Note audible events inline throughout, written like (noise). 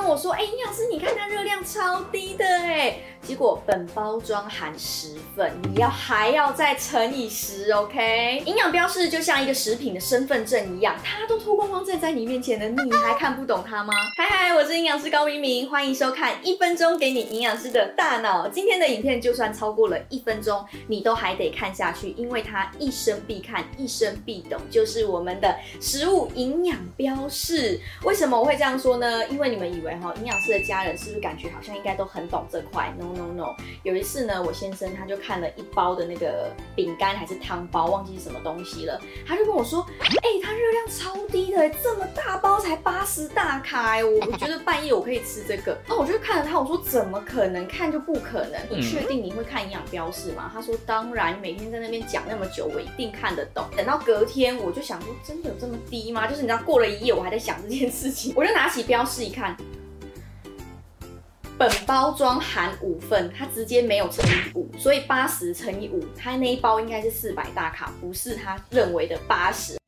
跟我說，哎、欸，營養師，你看它熱量超低的哎，結果本包裝含十份，你要還要再乘以十，OK？營養標示就像一個食品的身份證一樣，它都脫光光站在你面前的，你還看不懂它嗎？嗨嗨，我是營養師高敏敏，歡迎收看一分鐘給你營養師的大腦。今天的影片就算超過了一分鐘，你都還得看下去，因為它一生必看，一生必懂，就是我們的食物營養標示。為什麼我會這樣說呢？因為你們以為。然後營養師的家人是不是感覺好像應該都很懂這塊？No No No！有一次呢，我先生他就看了一包的那個餅乾還是湯包，忘記是什麼東西了。他就跟我說，哎、欸，它熱量超低的、欸，這麼大包才八十大卡、欸，我我覺得半夜我可以吃這個。那 (laughs) 我就看着他，我說怎麼可能？看就不可能、嗯！你確定你會看營養標示嗎？他說當然，每天在那邊講那麼久，我一定看得懂。等到隔天，我就想說，真的有這麼低嗎？就是你知道，過了一夜我還在想這件事情。我就拿起標示一看。本包裝含五份，它直接沒有乘以五，所以八十乘以五，它那一包應該是四百大卡，不是它認為的八十啊。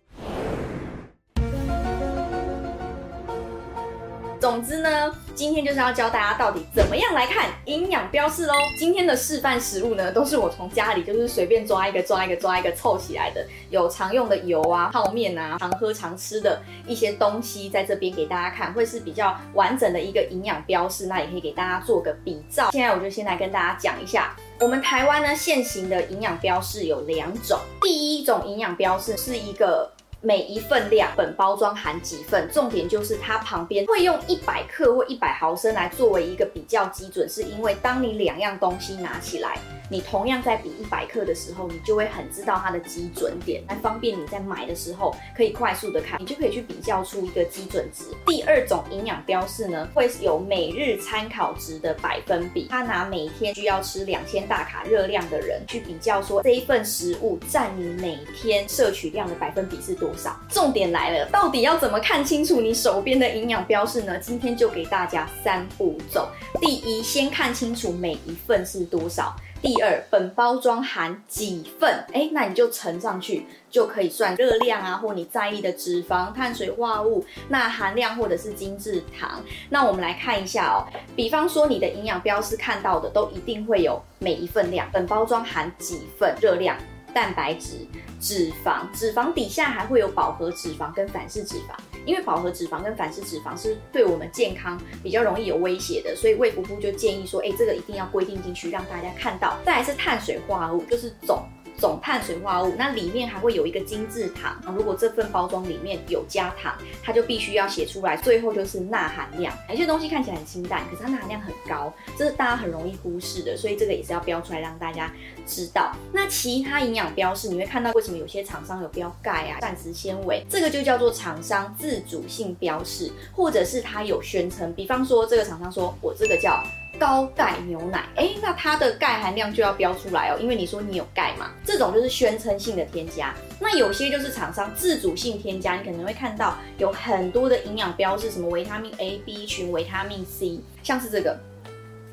總之呢，今天就是要教大家到底怎麼樣來看營養標示嘍。今天的示範食物呢，都是我從家裡就是隨便抓一個、抓一個、抓一個湊起來的，有常用的油啊、泡麵啊，常喝常吃的一些東西，在這邊給大家看，會是比較完整的一個營養標示，那也可以給大家做個比照。現在我就先來跟大家講一下，我們台灣呢，現行的營養標示有兩種，第一種營養標示是一個每一份量，本包裝含幾份？重點就是它旁邊會用一百克或一百毫升來作為一個比較基準，是因為當你兩樣東西拿起來，你同樣在比一百克的時候，你就會很知道它的基準點，那方便你在買的時候可以快速的看，你就可以去比較出一個基準值。第二種營養標示呢，會有每日參考值的百分比，它拿每天需要吃兩千大卡熱量的人去比較，說這一份食物占你每天攝取量的百分比是多少。重點來了，到底要怎麼看清楚你手邊的營養標示呢？今天就給大家三步驟：第一，先看清楚每一份是多少。第二，本包裝含幾份？哎、欸，那你就乘上去，就可以算熱量啊，或你在意的脂肪、碳水化合物那含量，或者是精製糖。那我們來看一下哦，比方說你的營養標示看到的，都一定會有每一份量，本包裝含幾份、熱量、蛋白質。脂肪，脂肪底下還會有飽和脂肪跟反式脂肪，因為飽和脂肪跟反式脂肪是對我們健康比較容易有威脅的，所以衛福部就建議說，哎、欸，這個一定要規定進去，讓大家看到。再來是碳水化合物，就是總。總碳水化物，那裡面還會有一個精製糖。如果這份包裝裡面有加糖，它就必須要寫出來。最後就是鈉含量，有些東西看起來很清淡，可是它鈉含量很高，這是大家很容易忽視的，所以這個也是要標出來讓大家知道。那其他營養標示，你會看到為什麼有些廠商有標鈣啊、膳食纖維，這個就叫做廠商自主性標示，或者是它有宣稱，比方說這個廠商說，我這個叫。高鈣牛奶，哎、欸，那它的鈣含量就要標出來哦，因為你說你有鈣嘛，這種就是宣稱性的添加。那有些就是廠商自主性添加，你可能會看到有很多的營養標示，什麼維他命 A、B 群、維他命 C，像是這個，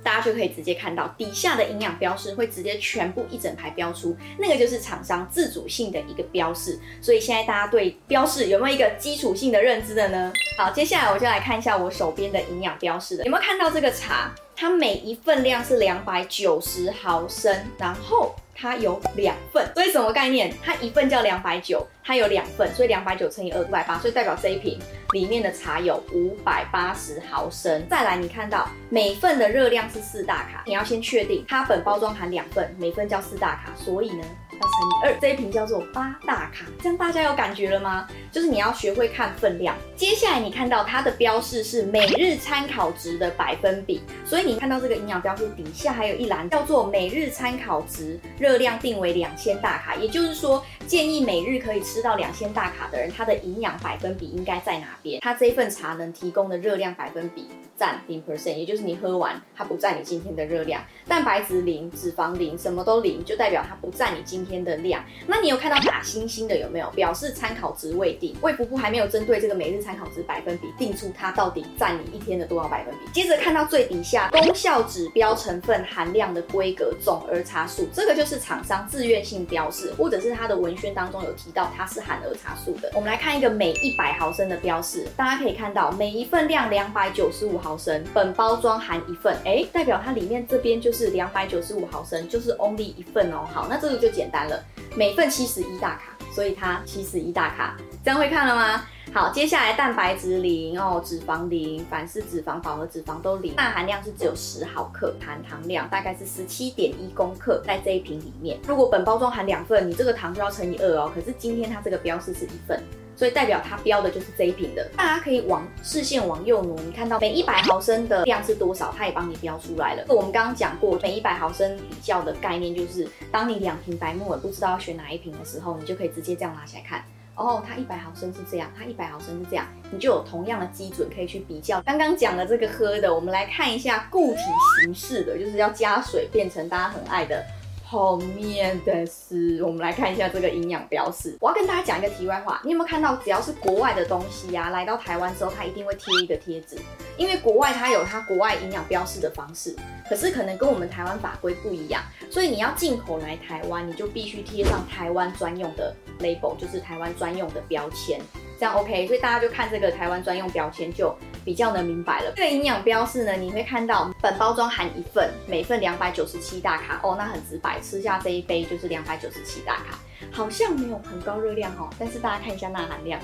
大家就可以直接看到底下的營養標示會直接全部一整排標出，那個就是廠商自主性的一個標示。所以現在大家對標示有沒有一個基礎性的認知的呢？好，接下來我就來看一下我手邊的營養標示的，有沒有看到這個茶？它每一份量是兩百九十毫升，然後它有兩份，所以什麼概念？它一份叫兩百九，它有兩份，所以兩百九乘以二，五百八，所以代表這一瓶裡面的茶有五百八十毫升。再來，你看到每份的熱量是四大卡，你要先確定它本包裝含兩份，每份叫四大卡，所以呢？要乘以二，這一瓶叫做八大卡，這樣大家有感覺了嗎？就是你要學會看分量。接下來你看到它的標示是每日參考值的百分比，所以你看到這個營養標示底下還有一欄叫做每日參考值，熱量定為兩千大卡，也就是說建議每日可以吃到兩千大卡的人，他的營養百分比應該在哪邊？它這一份茶能提供的熱量百分比。佔零 percent，也就是你喝完它不佔你今天的熱量，蛋白質零，脂肪零，什麼都零，就代表它不佔你今天的量。那你有看到打星星的有沒有？表示參考值未定，衛福部還沒有針對這個每日參考值百分比定出它到底佔你一天的多少百分比。接着看到最底下功效指標成分含量的規格總兒茶素，這個就是廠商自願性標示，或者是它的文宣當中有提到它是含兒茶素的。我們來看一個每一百毫升的標示，大家可以看到每一份量兩百九十五毫升。毫升，本包裝含一份，哎、欸，代表它裡面這邊就是兩百九十五毫升，就是 only 一份哦。好，那這個就簡單了，每份七十一大卡，所以它七十一大卡，這樣會看了嗎？好，接下來蛋白質零哦，脂肪零，反式脂肪、飽和脂肪都零，鈉含量是只有十毫克，含糖量大概是十七點一公克在這一瓶裡面。如果本包裝含兩份，你這個糖就要乘以二哦。可是今天它這個標示是一份，所以代表它標的就是這一瓶的，大家可以往視線往右挪，你看到每一百毫升的量是多少，它也幫你標出來了。我們剛剛講過，每一百毫升比較的概念，就是當你兩瓶白木耳不知道要選哪一瓶的時候，你就可以直接這樣拿起來看。哦，它一百毫升是這樣，它一百毫升是這樣，你就有同樣的基準可以去比較。剛剛講的這個喝的，我們來看一下固體形式的，就是要加水變成大家很愛的，後面的是我們來看一下這個營養標示。我要跟大家講一個題外話，你有沒有看到，只要是國外的東西呀、啊，來到台灣之後，它一定會貼一個貼紙，因為國外它有它國外營養標示的方式，可是可能跟我們台灣法規不一樣，所以你要進口來台灣，你就必須貼上台灣專用的 label，就是台灣專用的標籤，這樣 OK。所以大家就看這個台灣專用標籤就，比較能明白了，這個營養標示呢，你會看到本包裝含一份，每份兩百九十七大卡哦，那很直白，吃下這一杯就是兩百九十七大卡，好像沒有很高熱量哦。但是大家看一下鈉含量，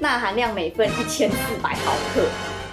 鈉含量每份一千四百毫克，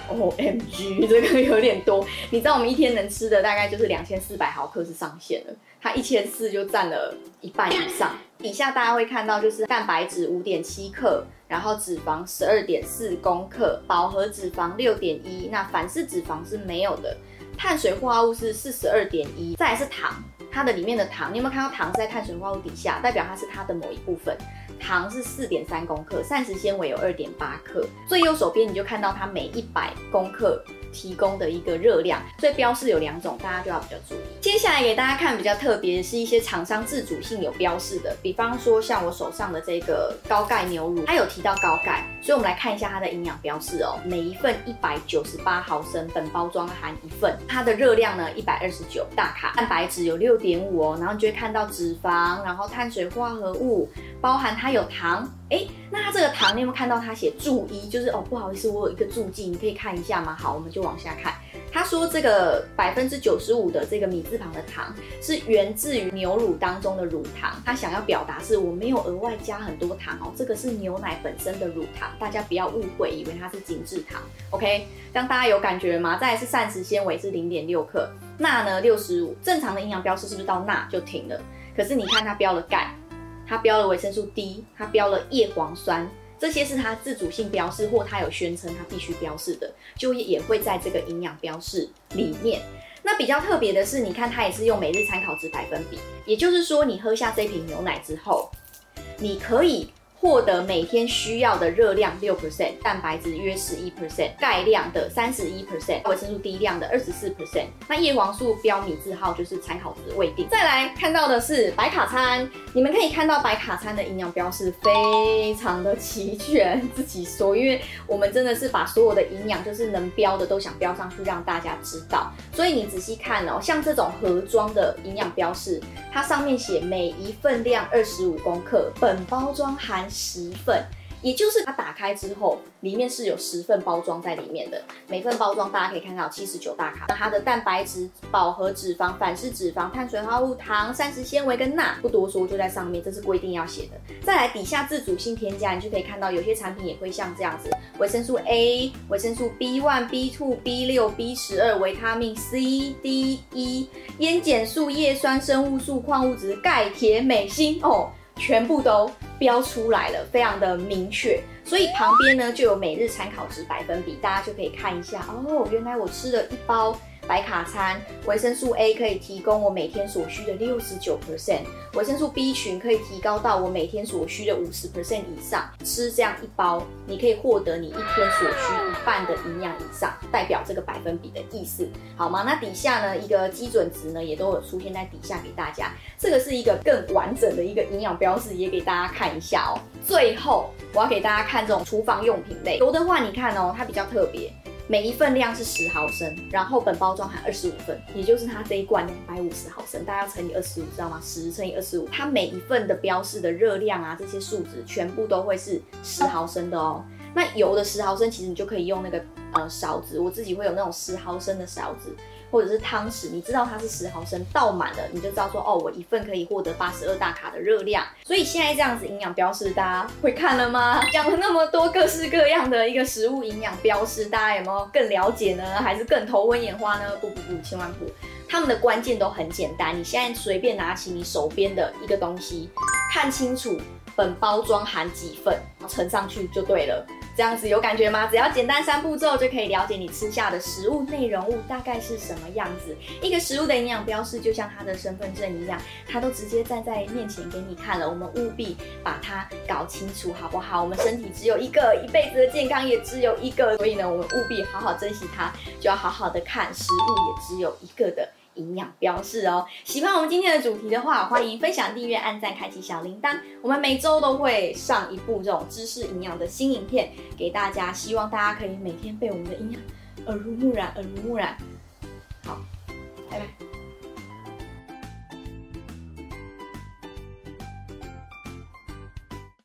哦，M G 這個有點多。你知道我們一天能吃的大概就是兩千四百毫克是上限了，它一千四就占了一半以上。底下大家會看到就是蛋白質五點七克。然後脂肪十二點四公克，飽和脂肪六點一，那反式脂肪是沒有的。碳水化合物是四十二點一，再來是糖，它的裡面的糖，你有沒有看到糖是在碳水化合物底下，代表它是它的某一部分？糖是四點三公克，膳食纖維有二點八克。最右手邊你就看到它每一百公克，提供的一個熱量，所以標示有兩種，大家就要比較注意。接下來給大家看比較特別的，是一些廠商自主性有標示的，比方說像我手上的這個高鈣牛乳，它有提到高鈣，所以我們來看一下它的營養標示哦。每一份一百九十八毫升，本包裝含一份，它的熱量呢一百二十九大卡，蛋白質有六點五哦，然後你就會看到脂肪，然後碳水化合物，包含它有糖，哎、欸，那它這個糖你有沒有看到它寫注一？就是哦，不好意思，我有一個注記，你可以看一下嗎？好，我們就。往下看，他說這個百分之九十五的這個米字旁的糖是源自於牛乳當中的乳糖，他想要表達是我沒有額外加很多糖哦，這個是牛奶本身的乳糖，大家不要誤會，以為它是精製糖。OK，讓大家有感覺嗎？再來是膳食纖維是零點六克，鈉呢六十五，65, 正常的營養標示是不是到鈉就停了？可是你看它標了鈣，它標了維生素 D，它標了葉黃酸。這些是它自主性標示，或它有宣稱，它必須標示的，就也會在這個營養標示裡面。那比較特別的是，你看它也是用每日參考值百分比，也就是說，你喝下這瓶牛奶之後，你可以。獲得每天需要的熱量六 percent，蛋白質約十一 percent，鈣量的三十一 percent，維生素 D 量的二十四 percent，那葉黃素標米字號就是參考值的未定。再來看到的是白卡餐，你們可以看到白卡餐的營養標示非常的齊全，自己說，因為我們真的是把所有的營養就是能標的都想標上去，讓大家知道。所以你仔細看哦，像這種盒裝的營養標示，它上面寫每一份量二十五公克，本包裝含十份，也就是它打開之後，裡面是有十份包裝在裡面的。每份包裝大家可以看到七十九大卡。那它的蛋白質、飽和脂肪、反式脂肪、碳水化合物、糖、膳食纖維跟鈉，不多說，就在上面，這是規定要寫的。再來底下自主性添加，你就可以看到有些產品也會像這樣子：維生素 A、維生素 B 1、B 2 B 六、B 十二、維他命 C、D、E、菸鹼素、葉酸、生物素、礦物質、鈣、鐵、鎂、鋅。哦。全部都標出來了，非常的明確，所以旁邊呢，就有每日參考值百分比，大家就可以看一下哦，原來我吃了一包。白卡餐，維生素 A 可以提供我每天所需的六十九 percent，維生素 B 群可以提高到我每天所需的五十 percent 以上。吃這樣一包，你可以獲得你一天所需一半的營養以上，代表這個百分比的意思，好嗎？那底下呢，一個基準值呢，也都有出現在底下給大家，這個是一個更完整的一個營養標示，也給大家看一下哦、喔。最後我要給大家看這種廚房用品類油的話，你看哦、喔，它比較特別。每一份量是十毫升，然後本包裝含二十五份，也就是它這一罐兩百五十毫升，大家要乘以二十五，知道嗎？十乘以二十五，它每一份的標示的熱量啊，這些數值全部都會是十毫升的哦。那油的十毫升，其實你就可以用那個呃、嗯、勺子，我自己會有那種十毫升的勺子。或者是湯匙，你知道它是十毫升倒滿了，你就知道說哦，我一份可以獲得八十二大卡的熱量。所以現在這樣子營養標示大家會看了嗎？講了那麼多各式各樣的一個食物營養標示，大家有沒有更了解呢？還是更頭昏眼花呢？不不不，千萬不，他們的關鍵都很簡單。你現在隨便拿起你手邊的一個東西，看清楚本包裝含幾份，然後乘上去就對了。這樣子有感覺嗎？只要簡單三步驟就可以了解你吃下的食物內容物大概是什麼樣子。一個食物的營養標示就像他的身份證一樣，他都直接站在面前給你看了。我們務必把它搞清楚，好不好？我們身體只有一個，一輩子的健康也只有一個，所以呢，我們務必好好珍惜它，就要好好的看，食物也只有一個的。營養標示哦，喜歡我們今天的主題的話，歡迎分享、訂閱、按讚、開啟小鈴鐺。我們每周都會上一部這種知識營養的新影片給大家，希望大家可以每天被我們的營養耳濡目染，耳濡目染。好，拜拜。